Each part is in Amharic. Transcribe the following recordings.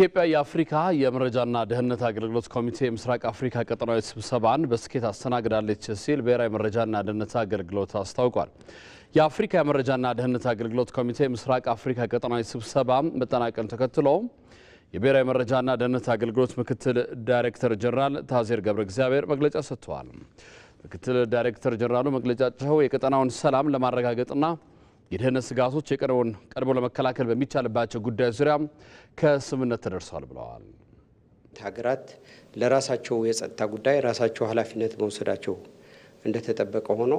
ኢትዮጵያ የአፍሪካ የመረጃና ደህንነት አገልግሎት ኮሚቴ የምስራቅ አፍሪካ ቀጠናዊ ስብሰባን በስኬት አስተናግዳለች ሲል ብሔራዊ መረጃና ደህንነት አገልግሎት አስታውቋል። የአፍሪካ የመረጃና ደህንነት አገልግሎት ኮሚቴ ምስራቅ አፍሪካ ቀጠናዊ ስብሰባ መጠናቀን ተከትሎ የብሔራዊ መረጃና ደህንነት አገልግሎት ምክትል ዳይሬክተር ጀነራል ታዜር ገብረ እግዚአብሔር መግለጫ ሰጥተዋል። ምክትል ዳይሬክተር ጀነራሉ መግለጫቸው የቀጠናውን ሰላም ለማረጋገጥና የደህንነት ስጋቶች የቀረውን ቀድሞ ለመከላከል በሚቻልባቸው ጉዳዮች ዙሪያ ከስምምነት ተደርሷል ብለዋል። ሀገራት ለራሳቸው የጸጥታ ጉዳይ ራሳቸው ኃላፊነት መውሰዳቸው እንደተጠበቀ ሆኖ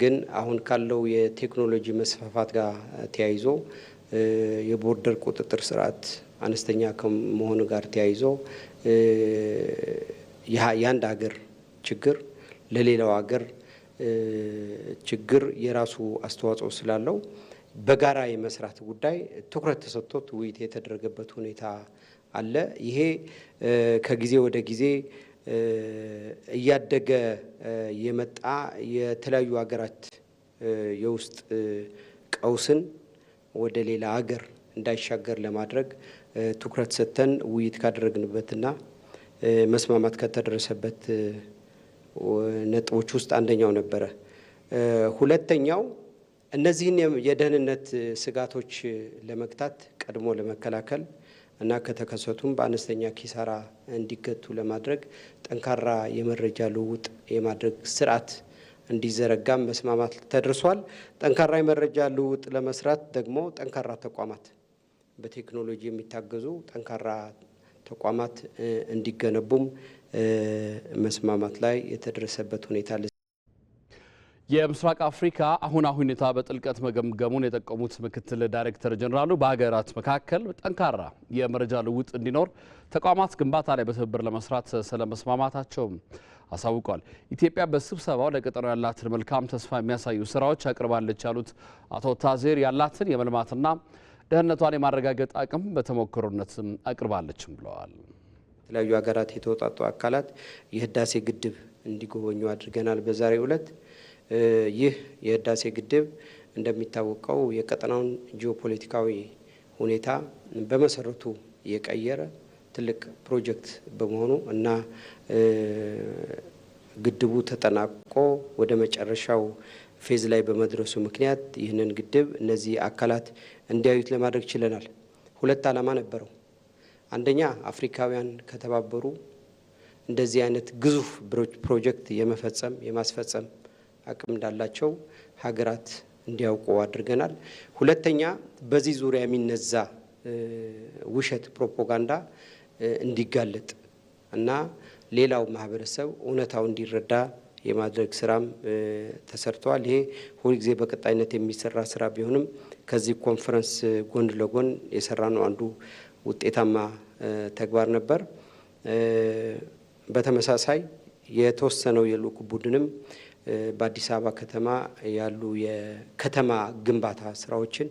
ግን አሁን ካለው የቴክኖሎጂ መስፋፋት ጋር ተያይዞ የቦርደር ቁጥጥር ስርዓት አነስተኛ ከመሆኑ ጋር ተያይዞ የአንድ ሀገር ችግር ለሌላው ሀገር ችግር የራሱ አስተዋጽኦ ስላለው በጋራ የመስራት ጉዳይ ትኩረት ተሰጥቶት ውይይት የተደረገበት ሁኔታ አለ። ይሄ ከጊዜ ወደ ጊዜ እያደገ የመጣ የተለያዩ ሀገራት የውስጥ ቀውስን ወደ ሌላ ሀገር እንዳይሻገር ለማድረግ ትኩረት ሰጥተን ውይይት ካደረግንበትና መስማማት ከተደረሰበት ነጥቦች ውስጥ አንደኛው ነበረ። ሁለተኛው እነዚህን የደህንነት ስጋቶች ለመግታት ቀድሞ ለመከላከል እና ከተከሰቱም በአነስተኛ ኪሳራ እንዲገቱ ለማድረግ ጠንካራ የመረጃ ልውውጥ የማድረግ ስርዓት እንዲዘረጋም መስማማት ተደርሷል። ጠንካራ የመረጃ ልውውጥ ለመስራት ደግሞ ጠንካራ ተቋማት በቴክኖሎጂ የሚታገዙ ጠንካራ ተቋማት እንዲገነቡም መስማማት ላይ የተደረሰበት ሁኔታ አለ። የምስራቅ አፍሪካ አሁን አሁን ሁኔታ በጥልቀት መገምገሙን የጠቀሙት ምክትል ዳይሬክተር ጀኔራሉ በሀገራት መካከል ጠንካራ የመረጃ ልውጥ እንዲኖር ተቋማት ግንባታ ላይ በትብብር ለመስራት ስለመስማማታቸውም አሳውቋል። ኢትዮጵያ በስብሰባው ለቀጠናው ያላትን መልካም ተስፋ የሚያሳዩ ስራዎች አቅርባለች ያሉት አቶ ታዜር ያላትን የመልማትና ደህንነቷን የማረጋገጥ አቅም በተሞክሮነት አቅርባለችም ብለዋል። የተለያዩ ሀገራት የተወጣጡ አካላት የህዳሴ ግድብ እንዲጎበኙ አድርገናል። በዛሬው ዕለት ይህ የህዳሴ ግድብ እንደሚታወቀው የቀጠናውን ጂኦፖለቲካዊ ሁኔታ በመሰረቱ የቀየረ ትልቅ ፕሮጀክት በመሆኑ እና ግድቡ ተጠናቆ ወደ መጨረሻው ፌዝ ላይ በመድረሱ ምክንያት ይህንን ግድብ እነዚህ አካላት እንዲያዩት ለማድረግ ችለናል። ሁለት ዓላማ ነበረው። አንደኛ አፍሪካውያን ከተባበሩ እንደዚህ አይነት ግዙፍ ፕሮጀክት የመፈጸም የማስፈጸም አቅም እንዳላቸው ሀገራት እንዲያውቁ አድርገናል። ሁለተኛ በዚህ ዙሪያ የሚነዛ ውሸት ፕሮፓጋንዳ እንዲጋለጥ እና ሌላው ማህበረሰብ እውነታው እንዲረዳ የማድረግ ስራም ተሰርተዋል። ይሄ ሁልጊዜ በቀጣይነት የሚሰራ ስራ ቢሆንም ከዚህ ኮንፈረንስ ጎን ለጎን የሰራ ነው አንዱ ውጤታማ ተግባር ነበር። በተመሳሳይ የተወሰነው የልኡክ ቡድንም በአዲስ አበባ ከተማ ያሉ የከተማ ግንባታ ስራዎችን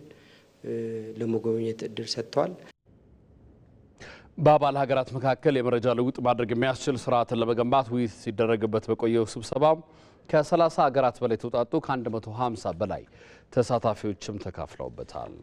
ለመጎብኘት እድል ሰጥተዋል። በአባል ሀገራት መካከል የመረጃ ልውጥ ማድረግ የሚያስችል ስርዓትን ለመገንባት ውይይት ሲደረግበት በቆየው ስብሰባ ከ30 ሀገራት በላይ ተውጣጡ ከ150 በላይ ተሳታፊዎችም ተካፍለውበታል።